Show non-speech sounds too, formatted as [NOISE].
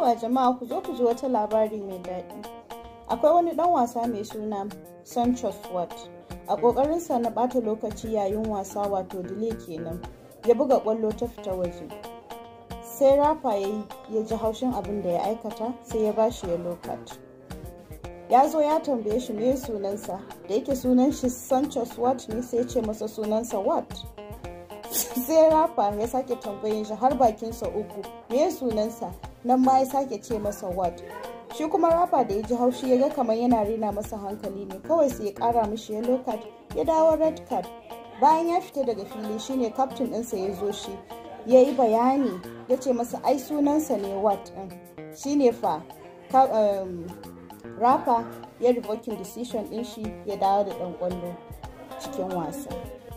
yawa jama'a ku zo ku ji wata labari mai daɗi akwai wani ɗan wasa mai suna sancho swart a ƙoƙarinsa na ɓata lokaci yayin wasa wato dile kenan ya buga ƙwallo ta fita waje sai rafa ya ji haushin abin da ya aikata sai ya bashi ya lokat ya zo ya tambaye shi me sunansa da yake sunan shi sancho swart ne sai ya ce masa sunansa wat [LAUGHS] sai rafa ya sake tambayin shi har bakinsa uku me sunansa nan ma ya sake ce masa what shi kuma rafa da ya ji haushi ya ga kamar yana rina masa hankali ne kawai sai ya kara mishi yellow card ya dawo red card bayan ya fita daga fili shine kaftin ɗinsa ya zo shi ya yi bayani ya ce masa ai sunansa ne wat ɗin shine fa um, rafa ya revoking decision ɗin shi ya dawo da ɗan kwallo cikin wasa